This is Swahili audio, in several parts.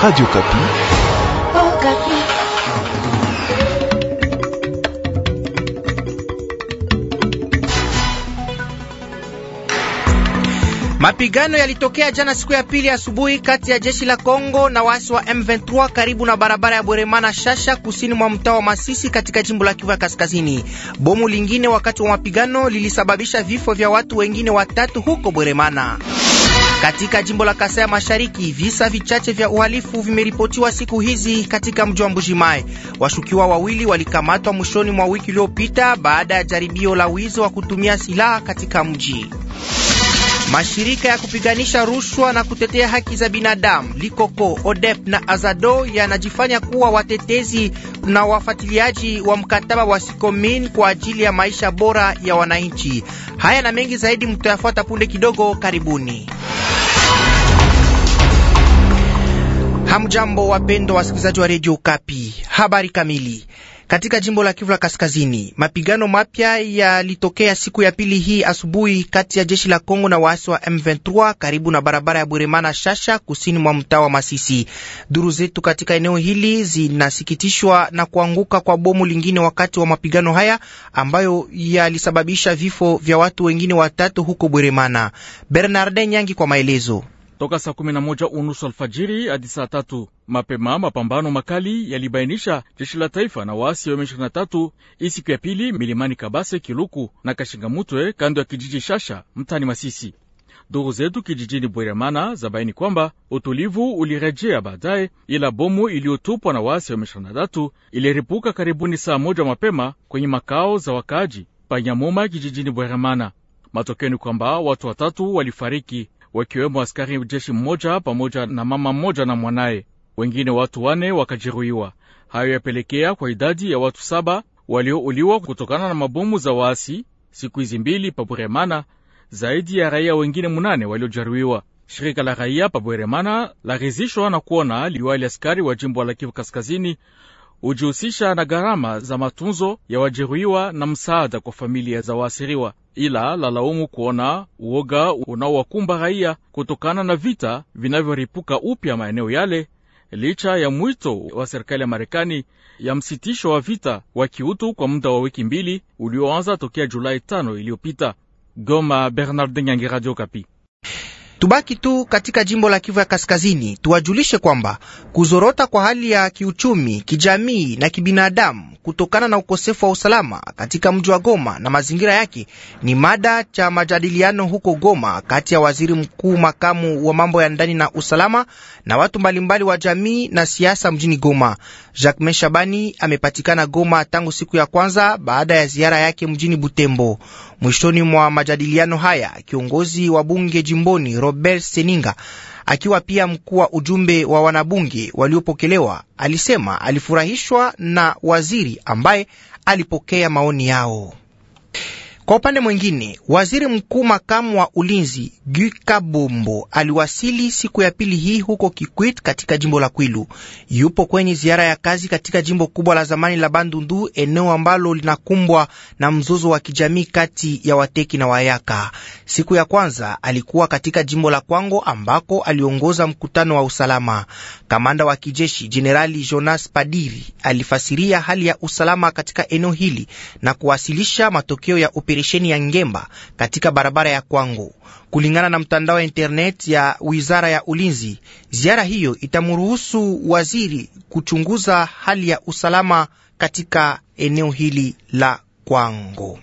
Radio Kapi. Oh, Kapi. Mapigano yalitokea jana siku ya pili asubuhi kati ya jeshi la Kongo na waasi wa M23 karibu na barabara ya Bweremana Shasha kusini mwa mtaa wa Masisi katika jimbo la Kivu ya Kaskazini. Bomu lingine wakati wa mapigano lilisababisha vifo vya watu wengine watatu huko Bweremana. Katika jimbo la Kasai ya Mashariki, visa vichache vya uhalifu vimeripotiwa siku hizi katika mji wa mbujimai Washukiwa wawili walikamatwa mwishoni mwa wiki iliyopita baada ya jaribio la wizi wa kutumia silaha katika mji. Mashirika ya kupiganisha rushwa na kutetea haki za binadamu Likoko, ODEP na Azado yanajifanya kuwa watetezi na wafuatiliaji wa mkataba wa Sikomin kwa ajili ya maisha bora ya wananchi. Haya na mengi zaidi mtayafuata punde kidogo. Karibuni. Hamjambo, wapendwa wasikilizaji wa redio Kapi. Habari kamili. Katika jimbo la Kivu la Kaskazini, mapigano mapya yalitokea siku ya pili hii asubuhi kati ya jeshi la Kongo na waasi wa M23 karibu na barabara ya Bweremana Shasha, kusini mwa mtaa wa Masisi. Duru zetu katika eneo hili zinasikitishwa na kuanguka kwa bomu lingine wakati wa mapigano haya ambayo yalisababisha vifo vya watu wengine watatu huko Bweremana. Bernarde Nyangi kwa maelezo toka saa kumi na moja unusu alfajiri hadi saa tatu mapema. Mapambano makali yalibainisha jeshi la taifa na waasi wa M23 isiku ya pili milimani Kabase, Kiluku na Kashingamutwe kando ya kijiji Shasha mtani Masisi. Duru zetu kijijini Bweremana zabaini kwamba utulivu ulirejea baadaye, ila bomu iliyotupwa na waasi wa M23 iliripuka karibuni saa moja mapema kwenye makao za wakaaji Panyamuma kijijini Bweremana. Matokeo ni kwamba watu watatu walifariki wakiwemo askari jeshi mmoja pamoja na mama mmoja na mwanaye. Wengine watu wane wakajeruhiwa. Hayo yapelekea kwa idadi ya watu saba waliouliwa kutokana na mabomu za waasi siku hizi mbili Paburemana, zaidi ya raia wengine munane waliojeruhiwa. Shirika la raia Paburimana larizishwa na kuona liwali askari wa jimbo la Kivu Kaskazini hujihusisha na gharama za matunzo ya wajeruhiwa na msaada kwa familia za waasiriwa, ila lalaumu kuona uoga unaowakumba raia kutokana na vita vinavyoripuka upya maeneo yale, licha ya mwito wa serikali ya Marekani ya msitisho wa vita wa kiutu kwa muda wa wiki mbili ulioanza tokea Julai tano iliyopita. Goma, Bernard Nyangi, Radio Kapi. Tubaki tu katika jimbo la Kivu ya Kaskazini, tuwajulishe kwamba kuzorota kwa hali ya kiuchumi, kijamii na kibinadamu kutokana na ukosefu wa usalama katika mji wa Goma na mazingira yake ni mada cha majadiliano huko Goma kati ya waziri mkuu makamu wa mambo ya ndani na usalama na watu mbalimbali wa jamii na siasa mjini Goma. Jacques Shabani amepatikana Goma tangu siku ya kwanza baada ya ziara yake mjini Butembo. Mwishoni mwa majadiliano haya, kiongozi wa bunge jimboni Robert Seninga akiwa pia mkuu wa ujumbe wa wanabunge waliopokelewa, alisema alifurahishwa na waziri ambaye alipokea maoni yao. Kwa upande mwingine, waziri mkuu makamu wa ulinzi Gukabombo aliwasili siku ya pili hii huko Kikwit katika jimbo la Kwilu. Yupo kwenye ziara ya kazi katika jimbo kubwa la zamani la Bandundu, eneo ambalo linakumbwa na mzozo wa kijamii kati ya Wateki na Wayaka. Siku ya kwanza alikuwa katika jimbo la Kwango ambako aliongoza mkutano wa usalama. Kamanda wa kijeshi Jenerali Jonas Padiri alifasiria hali ya usalama katika eneo hili na kuwasilisha matokeo ya operesheni operesheni ya Ngemba katika barabara ya Kwango. Kulingana na mtandao wa internet ya wizara ya ulinzi, ziara hiyo itamruhusu waziri kuchunguza hali ya usalama katika eneo hili la Kwango.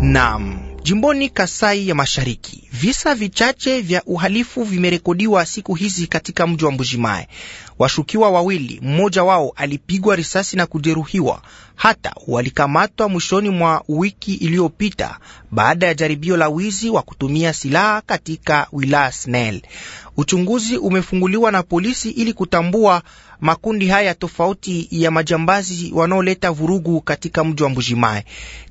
Naam. Jimboni Kasai ya Mashariki, visa vichache vya uhalifu vimerekodiwa siku hizi katika mji wa Mbujimayi. Washukiwa wawili, mmoja wao alipigwa risasi na kujeruhiwa, hata walikamatwa mwishoni mwa wiki iliyopita baada ya jaribio la wizi wa kutumia silaha katika wilaya Snel. Uchunguzi umefunguliwa na polisi ili kutambua makundi haya tofauti ya majambazi wanaoleta vurugu katika mji wa mbujimae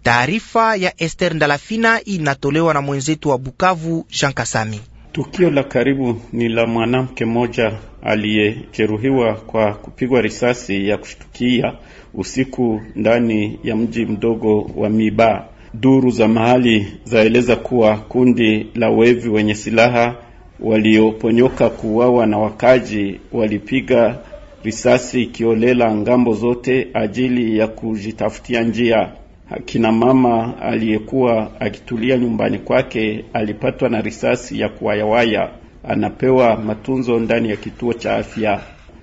Taarifa ya Esther Ndalafina inatolewa na mwenzetu wa Bukavu Jean Kasami. Tukio la karibu ni la mwanamke mmoja aliyejeruhiwa kwa kupigwa risasi ya kushtukia usiku ndani ya mji mdogo wa Miba. Duru za mahali zaeleza kuwa kundi la wevi wenye silaha walioponyoka kuuawa na wakaji walipiga risasi ikiolela ngambo zote ajili ya kujitafutia njia kina mama aliyekuwa akitulia nyumbani kwake alipatwa na risasi ya kuwayawaya, anapewa matunzo ndani ya kituo cha afya.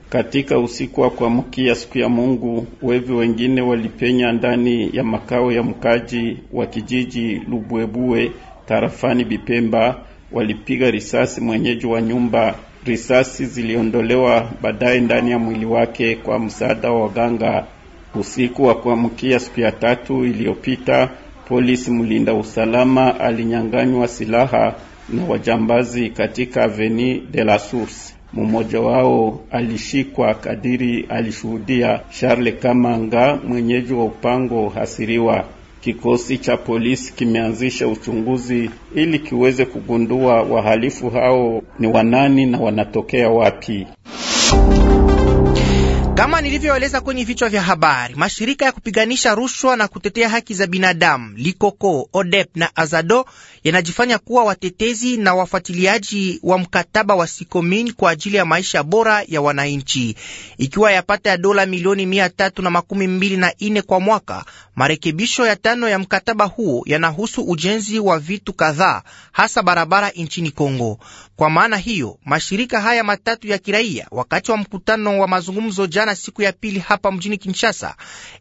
Katika usiku wa kuamkia siku ya Mungu, wevi wengine walipenya ndani ya makao ya mkaji wa kijiji Lubwebue tarafani Bipemba, walipiga risasi mwenyeji wa nyumba. Risasi ziliondolewa baadaye ndani ya mwili wake kwa msaada wa waganga. Usiku wa kuamkia siku ya tatu iliyopita, polisi mlinda usalama alinyang'anywa silaha na wajambazi katika Avenue de la Source. Mmoja wao alishikwa kadiri alishuhudia Charles Kamanga, mwenyeji wa upango hasiriwa. Kikosi cha polisi kimeanzisha uchunguzi ili kiweze kugundua wahalifu hao ni wanani na wanatokea wapi. Kama nilivyoeleza kwenye vichwa vya habari, mashirika ya kupiganisha rushwa na kutetea haki za binadamu Likoko, ODEP na Azado yanajifanya kuwa watetezi na wafuatiliaji wa mkataba wa Sikomin kwa ajili ya maisha bora ya wananchi, ikiwa yapata ya dola milioni mia tatu na makumi mbili na ine kwa mwaka. Marekebisho ya tano ya mkataba huo yanahusu ujenzi wa vitu kadhaa, hasa barabara nchini Kongo. Kwa maana hiyo, mashirika haya matatu ya kiraia wakati wa mkutano wa mazungumzo jana jana siku ya pili hapa mjini Kinshasa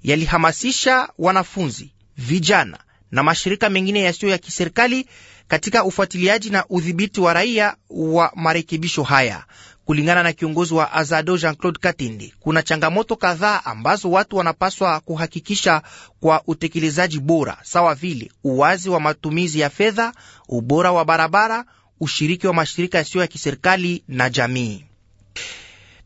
yalihamasisha wanafunzi, vijana na mashirika mengine yasiyo ya kiserikali katika ufuatiliaji na udhibiti wa raia wa marekebisho haya. Kulingana na kiongozi wa Azado Jean Claude Katindi, kuna changamoto kadhaa ambazo watu wanapaswa kuhakikisha kwa utekelezaji bora, sawa vile uwazi wa matumizi ya fedha, ubora wa barabara, ushiriki wa mashirika yasiyo ya kiserikali na jamii.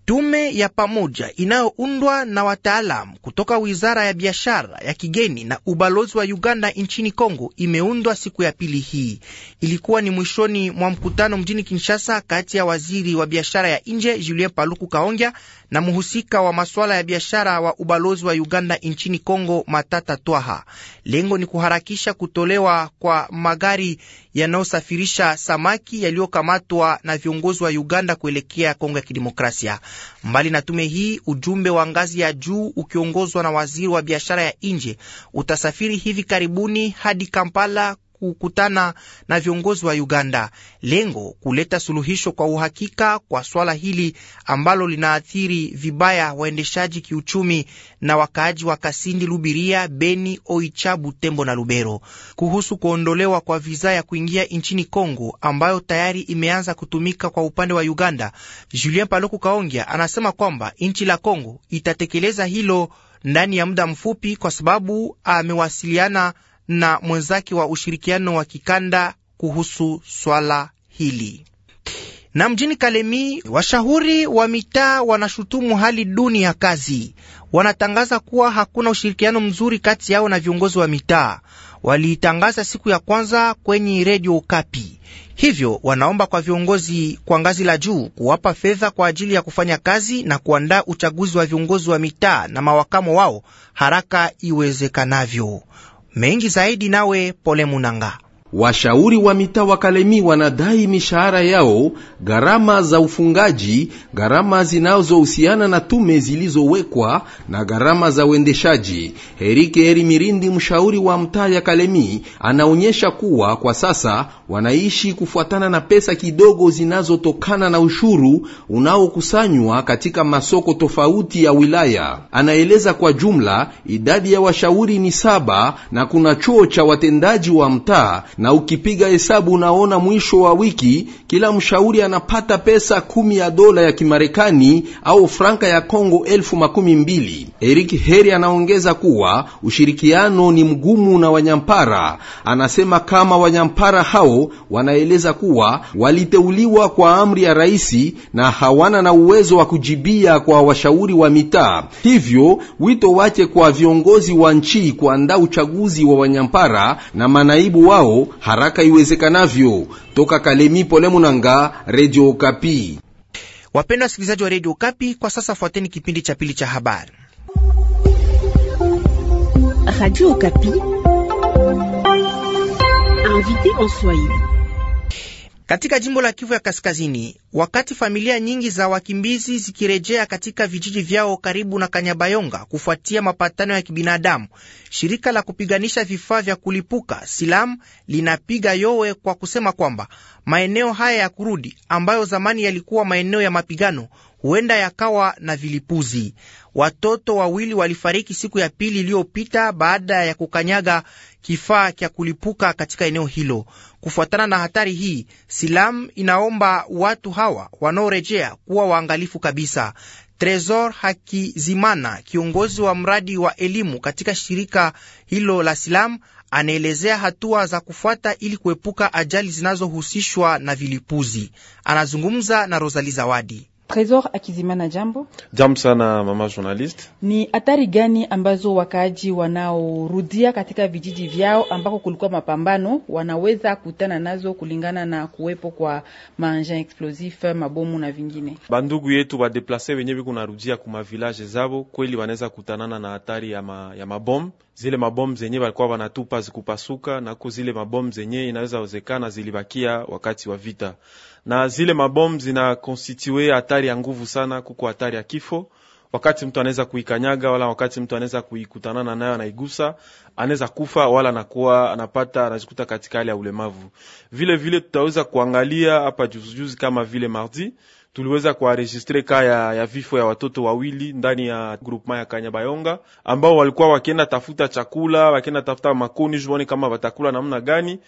Tume ya pamoja inayoundwa na wataalamu kutoka wizara ya biashara ya kigeni na ubalozi wa Uganda nchini Kongo imeundwa siku ya pili hii. Ilikuwa ni mwishoni mwa mkutano mjini Kinshasa kati ya waziri wa biashara ya nje Julien Paluku Kaongya na mhusika wa masuala ya biashara wa ubalozi wa Uganda nchini Kongo, Matata Twaha. Lengo ni kuharakisha kutolewa kwa magari yanayosafirisha samaki yaliyokamatwa na viongozi wa Uganda kuelekea Kongo ya Kidemokrasia. Mbali na tume hii, ujumbe wa ngazi ya juu ukiongozwa na waziri wa biashara ya nje utasafiri hivi karibuni hadi Kampala kukutana na viongozi wa Uganda, lengo kuleta suluhisho kwa uhakika kwa swala hili ambalo linaathiri vibaya waendeshaji kiuchumi na wakaaji wa Kasindi, Lubiria, Beni, Oicha, Butembo na Lubero. Kuhusu kuondolewa kwa viza ya kuingia nchini Kongo ambayo tayari imeanza kutumika kwa upande wa Uganda, Julien Paloku Kaongia anasema kwamba nchi la Kongo itatekeleza hilo ndani ya muda mfupi, kwa sababu amewasiliana na mwenzake wa ushirikiano wa kikanda kuhusu swala hili. Na mjini Kalemi, washauri wa mitaa wanashutumu hali duni ya kazi. Wanatangaza kuwa hakuna ushirikiano mzuri kati yao na viongozi wa mitaa. Waliitangaza siku ya kwanza kwenye redio Ukapi. Hivyo wanaomba kwa viongozi kwa ngazi la juu kuwapa fedha kwa ajili ya kufanya kazi na kuandaa uchaguzi wa viongozi wa mitaa na mawakamo wao haraka iwezekanavyo mengi zaidi nawe Pole Munanga. Washauri wa mitaa wa Kalemi wanadai mishahara yao, gharama za ufungaji, gharama zinazohusiana na tume zilizowekwa na gharama za uendeshaji. Herike Heri Mirindi, mshauri wa mtaa ya Kalemi, anaonyesha kuwa kwa sasa wanaishi kufuatana na pesa kidogo zinazotokana na ushuru unaokusanywa katika masoko tofauti ya wilaya. Anaeleza kwa jumla idadi ya washauri ni saba na kuna chuo cha watendaji wa mtaa na ukipiga hesabu unaona mwisho wa wiki kila mshauri anapata pesa kumi ya dola ya Kimarekani au franka ya Kongo elfu makumi mbili. Eric Heri anaongeza kuwa ushirikiano ni mgumu na Wanyampara. Anasema kama Wanyampara hao wanaeleza kuwa waliteuliwa kwa amri ya raisi na hawana na uwezo wa kujibia kwa washauri wa mitaa. Hivyo wito wake kwa viongozi wa nchi kuandaa uchaguzi wa Wanyampara na manaibu wao haraka iwezekanavyo. Toka Kalemi, Pole Munanga, redio Okapi. Wapenda wasikilizaji wa redio Okapi, kwa sasa fuateni kipindi cha pili cha habari. Radio Okapi invité en Swahili katika jimbo la Kivu ya Kaskazini, wakati familia nyingi za wakimbizi zikirejea katika vijiji vyao karibu na Kanyabayonga kufuatia mapatano ya kibinadamu, shirika la kupiganisha vifaa vya kulipuka Silam linapiga yowe kwa kusema kwamba maeneo haya ya kurudi ambayo zamani yalikuwa maeneo ya mapigano huenda yakawa na vilipuzi. Watoto wawili walifariki siku ya pili iliyopita baada ya kukanyaga kifaa cha kulipuka katika eneo hilo. Kufuatana na hatari hii, Silam inaomba watu hawa wanaorejea kuwa waangalifu kabisa. Tresor Hakizimana, kiongozi wa mradi wa elimu katika shirika hilo la Silam, anaelezea hatua za kufuata ili kuepuka ajali zinazohusishwa na vilipuzi. Anazungumza na rosali Zawadi. Tresor Akizimana, jambo jambo sana mama journalist. Ni hatari gani ambazo wakaaji wanaorudia katika vijiji vyao ambako kulikuwa mapambano wanaweza kutana nazo kulingana na kuwepo kwa maanjan explosif, mabomu na vingine? Bandugu yetu wadeplase wenyewe kunarudia kuma village zabo, kweli wanaweza kutanana na hatari ya, ma, ya mabomu zile mabomu zenye walikuwa wanatupa zikupasuka, nako zile mabomu zenye inaweza wezekana zilibakia wakati wa vita, na zile mabomu zina konstitue hatari ya nguvu sana, kuko hatari ya kifo wakati mtu anaweza kuikanyaga wala wakati mtu anaweza kuikutanana nayo anaigusa, anaweza kufa wala anakuwa anapata anajikuta katika hali ya ulemavu. Vile vile tutaweza kuangalia hapa juzijuzi kama vile mardi tuliweza kuaregistre ka ya, ya vifo ya watoto wawili ndani ya groupement ya Kanyabayonga ambao walikuwa wakienda tafuta chakula, wakienda tafuta makoni juone kama watakula namna gani.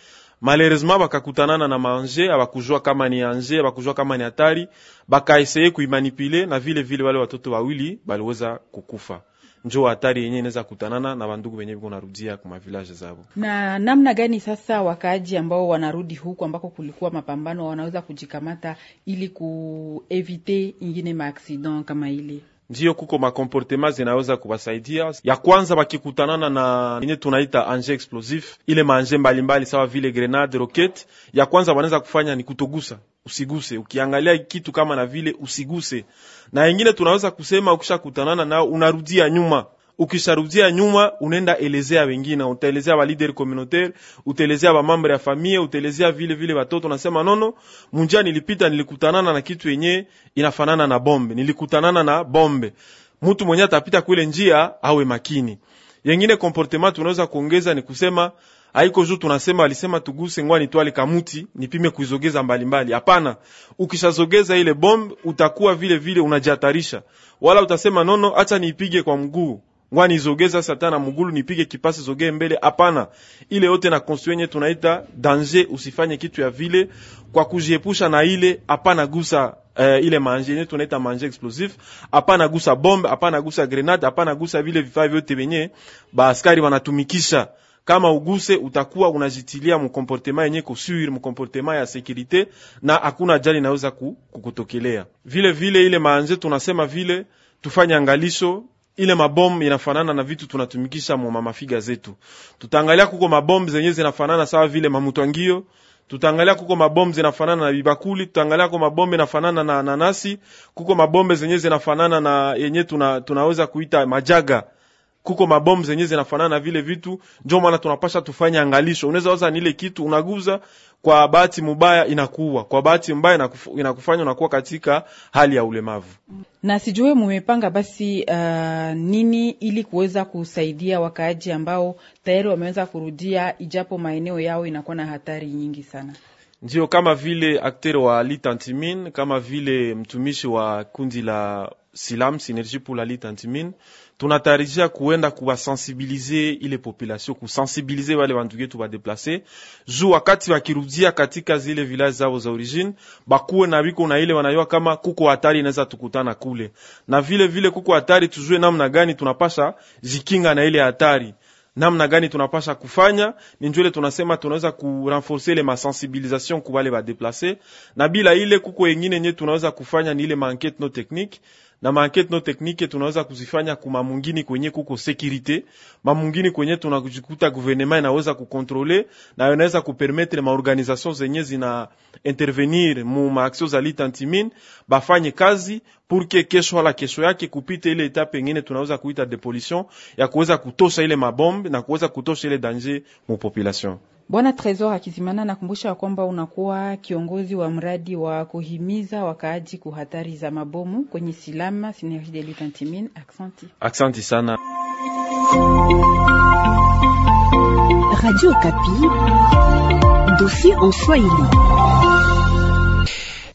Malheureusement bakakutanana na manje, abakujua kama ni anje, abakujua kama ni hatari, bakaeseye kuimanipule na vile vile wale watoto wawili baliweza kukufa njo hatari yenye inaweza kutanana na bandugu venye biko narudia kuma village zabo. Na namna gani sasa wakaaji ambao wanarudi huku ambako kulikuwa mapambano wanaweza kujikamata ili kuevite ingine maaksident kama ile? Ndiyo, kuko makomportema zinaweza kuwasaidia Ya kwanza wakikutanana na yenye tunaita anje explosif, ile manje mbalimbali sawa vile grenade, roket, ya kwanza wanaweza kufanya ni kutogusa usiguse. Ukiangalia kitu kama na vile usiguse, na ingine tunaweza kusema ukishakutanana nao unarudia nyuma ukisharudia nyuma unaenda elezea wengine, utaelezea ba leader communautaire, utaelezea ba membre ya famille, utaelezea vile vile watoto. Nasema nono, munja, nilipita, nilikutanana na kitu yenye inafanana na bombe, nilikutanana na bombe. Mtu mwenye atapita kule njia awe makini. Yengine comportement tunaweza kuongeza ni kusema Haiko juu tunasema alisema tuguse ngwani twale kamuti nipime kuizogeza mbalimbali. Hapana, ukishazogeza ile bomb utakuwa vile vile unajihatarisha, wala utasema nono, acha niipige kwa mguu ngwani izogeza satana mgulu nipige kipasi zogee mbele. Hapana, ile yote na konstwenye tunaita danger. Usifanye kitu ya vile kwa kujiepusha na ile. Hapana gusa Uh, ile manje yenyewe tunaita manje explosif. Hapana gusa bombe, hapana gusa grenade, hapana gusa vile vifaa vyote venye baaskari wanatumikisha kama uguse utakuwa unajitilia mkomportema yenye kosur mkomportema ya sekirite, na hakuna ajali inaweza kukutokelea. Vile vile ile maanze tunasema vile tufanye angalisho ile mabomu inafanana na vitu tunatumikisha mu mamafiga zetu. Tutaangalia kuko mabomu zenye zinafanana sawa vile mamutwangio, tutaangalia kuko mabomu zinafanana na bibakuli, tutaangalia kuko mabomu inafanana na nanasi, kuko mabombe zenye zinafanana na yenye tuna, tunaweza kuita majaga kuko mabomu zenye zinafanana na vile vitu, ndio maana tunapasha tufanye angalisho. Unaweza waza ni ile kitu unaguza, kwa bahati mubaya inakuwa, kwa bahati mbaya inakuf, inakufanya unakuwa katika hali ya ulemavu. Na sijue mumepanga basi uh, nini ili kuweza kusaidia wakaaji ambao tayari wameweza kurudia, ijapo maeneo yao inakuwa na hatari nyingi sana. Ndio, kama vile akter wa litantimine kama vile mtumishi wa kundi la Silam Synergie pour la litantimine tunatayarishia kuenda kuwasensibilize ile population, kusensibilize wale wandugu yetu wadeplase, juu wakati wakirudia katika zile vilaji zao za origine, bakuwe na biko na ile wanayua kama kuko hatari inaweza tukutana kule, na vile vile kuko hatari, tujue namna gani tunapasha jikinga na ile hatari namna gani tunapasha kufanya ni njole, tunasema tunaweza kurenforce ile masensibilisation kuwale badeplace, na bila ile kuko engine nye tunaweza kufanya ni ile mankete no technique na maankete no teknike tunaweza kuzifanya kuma mungini kwenye kuko sekirite, mamungini kwenye tunakujikuta guvernema inaweza kukontrole na inaweza kupermetre maorganizasyon zenye zina intervenir mu maaksio za lita ntimin bafanye kazi purke kesho wala kesho yake kupite ile etape ngine tunaweza kuita depolisyon ya kuweza kutosha ile mabombe na kuweza kutosha ile danje mu populasyon. Bwana Tresor Hakizimana nakumbusha ya kwamba unakuwa kiongozi wa mradi wa kuhimiza wakaaji kuhatari za mabomu kwenye Silama Synergie de Lutte Antimine. Aksanti, aksanti sana. Radio Okapi, dossier en Swahili.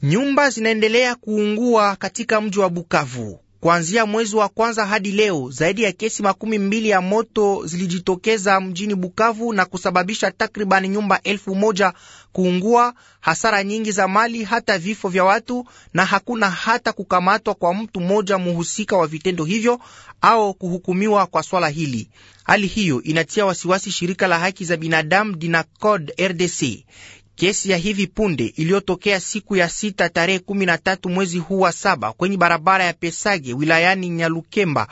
Nyumba zinaendelea kuungua katika mji wa Bukavu. Kuanzia mwezi wa kwanza hadi leo zaidi ya kesi makumi mbili ya moto zilijitokeza mjini Bukavu na kusababisha takriban nyumba elfu moja kuungua, hasara nyingi za mali, hata vifo vya watu, na hakuna hata kukamatwa kwa mtu mmoja muhusika wa vitendo hivyo au kuhukumiwa kwa swala hili. Hali hiyo inatia wasiwasi shirika la haki za binadamu DINACOD RDC. Kesi ya hivi punde iliyotokea siku ya sita tarehe 13 mwezi huu wa saba kwenye barabara ya Pesage wilayani Nyalukemba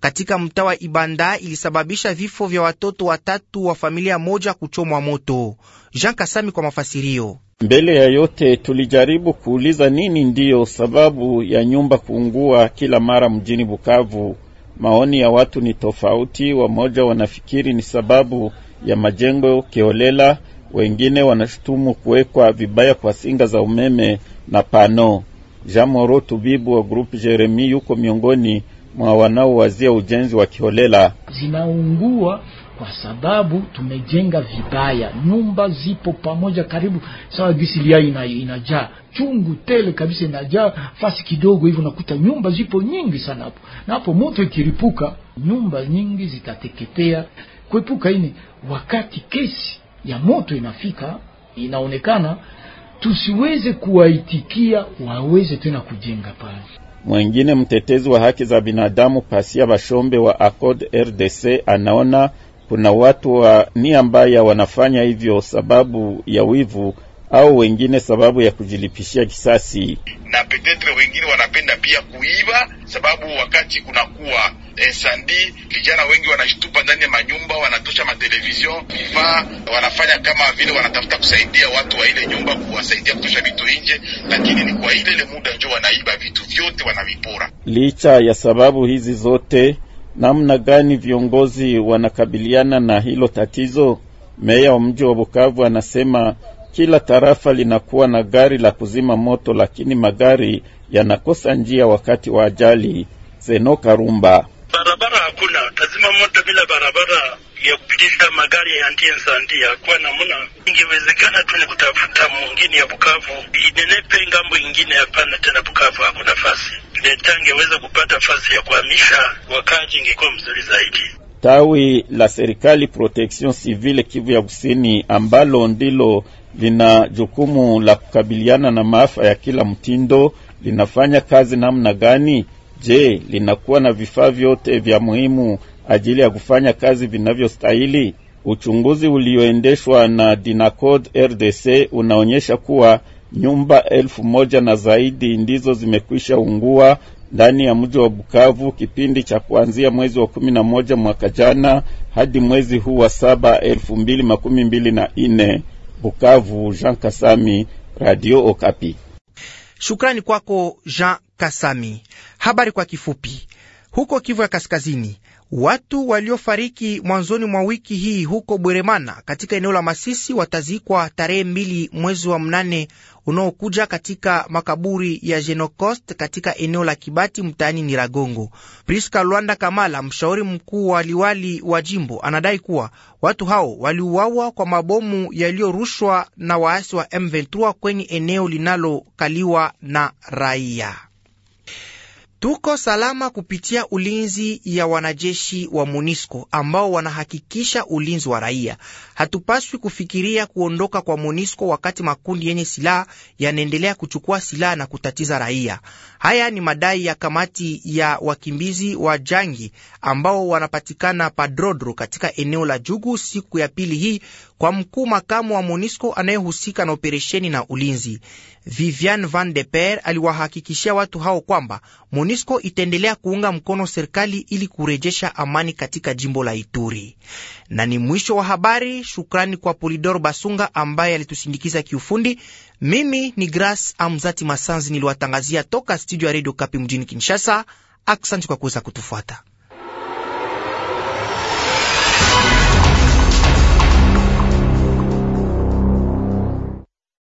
katika mtaa wa Ibanda ilisababisha vifo vya watoto watatu wa familia moja kuchomwa moto. Jean Kasami kwa mafasirio. Mbele ya yote tulijaribu kuuliza nini ndiyo sababu ya nyumba kuungua kila mara mjini Bukavu. Maoni ya watu ni tofauti. Wamoja wanafikiri ni sababu ya majengo keolela wengine wanashutumu kuwekwa vibaya kwa singa za umeme na pano. moro Tubibu wa Grupu Jeremi yuko miongoni mwa wanaowazia ujenzi wa kiholela. Zinaungua kwa sababu tumejenga vibaya, nyumba zipo pamoja karibu sawa, gisilia ina, inajaa chungu tele kabisa, inajaa fasi kidogo hivyo, nakuta nyumba zipo nyingi sana hapo, na hapo moto ikiripuka nyumba nyingi zitateketea. Kuepuka ini wakati kesi ya moto inafika inaonekana, tusiweze kuwaitikia waweze tena kujenga pale. Mwengine mtetezi wa haki za binadamu Pasia Bashombe wa Accord RDC anaona kuna watu wa nia mbaya wanafanya hivyo sababu ya wivu au wengine sababu ya kujilipishia kisasi, na petetre wengine wanapenda pia kuiba, sababu wakati kunakuwa eh, sandi vijana wengi wanashtupa ndani ya manyumba, wanatosha matelevizion, vifaa, wanafanya kama vile wanatafuta kusaidia watu wa ile nyumba, kuwasaidia kutosha vitu nje, lakini ni kwa ile ile muda njo wanaiba vitu vyote, wanavipora. Licha ya sababu hizi zote, namna gani viongozi wanakabiliana na hilo tatizo? Meya wa mji wa Bukavu anasema kila tarafa linakuwa na gari la kuzima moto, lakini magari yanakosa njia wakati wa ajali. Zeno Karumba: barabara hakuna, tazima moto bila barabara ya kupitisha magari ya ndiye nsandi yakuwa namuna. Ingewezekana tu ni kutafuta mwingine ya Bukavu inenepe ngambo ingine, hapana tena Bukavu hakuna fasi Leta ingeweza kupata fasi ya kuhamisha wakaji, ingekuwa mzuri zaidi. Tawi la serikali Protection Civile Kivu ya Kusini ambalo ndilo lina jukumu la kukabiliana na maafa ya kila mtindo. Linafanya kazi namna gani? Je, linakuwa na vifaa vyote vya muhimu ajili ya kufanya kazi vinavyostahili? Uchunguzi ulioendeshwa na Dinacod RDC unaonyesha kuwa nyumba elfu moja na zaidi ndizo zimekwisha ungua ndani ya mji wa Bukavu kipindi cha kuanzia mwezi wa kumi na moja mwaka jana hadi mwezi huu wa saba elfu mbili makumi mbili na nne. Bukavu, Jean Kasami, Radio Okapi. Shukrani kwako Jean Kasami. Habari kwa kifupi. Huko Kivu ya Kaskazini, watu waliofariki mwanzoni mwa wiki hii huko Bweremana katika eneo la Masisi watazikwa tarehe mbili mwezi wa mnane unaokuja katika makaburi ya Jenocost katika eneo la Kibati mtaani Niragongo. Priska Lwanda Kamala, mshauri mkuu wa liwali wa jimbo, anadai kuwa watu hao waliuawa kwa mabomu yaliyorushwa na waasi wa M23 kwenye eneo linalokaliwa na raia. Tuko salama kupitia ulinzi ya wanajeshi wa MONUSCO ambao wanahakikisha ulinzi wa raia. Hatupaswi kufikiria kuondoka kwa MONUSCO wakati makundi yenye silaha yanaendelea kuchukua silaha na kutatiza raia. Haya ni madai ya kamati ya wakimbizi wa Jangi ambao wanapatikana Padrodro katika eneo la Jugu siku ya pili hii kwa mkuu makamu wa MONUSCO anayehusika na operesheni na ulinzi. Vivian Van de Per aliwahakikishia watu hao kwamba MONUSCO MONUSCO itaendelea kuunga mkono serikali ili kurejesha amani katika jimbo la Ituri. Na ni mwisho wa habari. Shukrani kwa Polidor Basunga ambaye alitusindikiza kiufundi. Mimi ni Grace Amzati Masanzi niliwatangazia toka studio ya Radio Kapi mjini Kinshasa. Aksanti kwa kuweza kutufuata.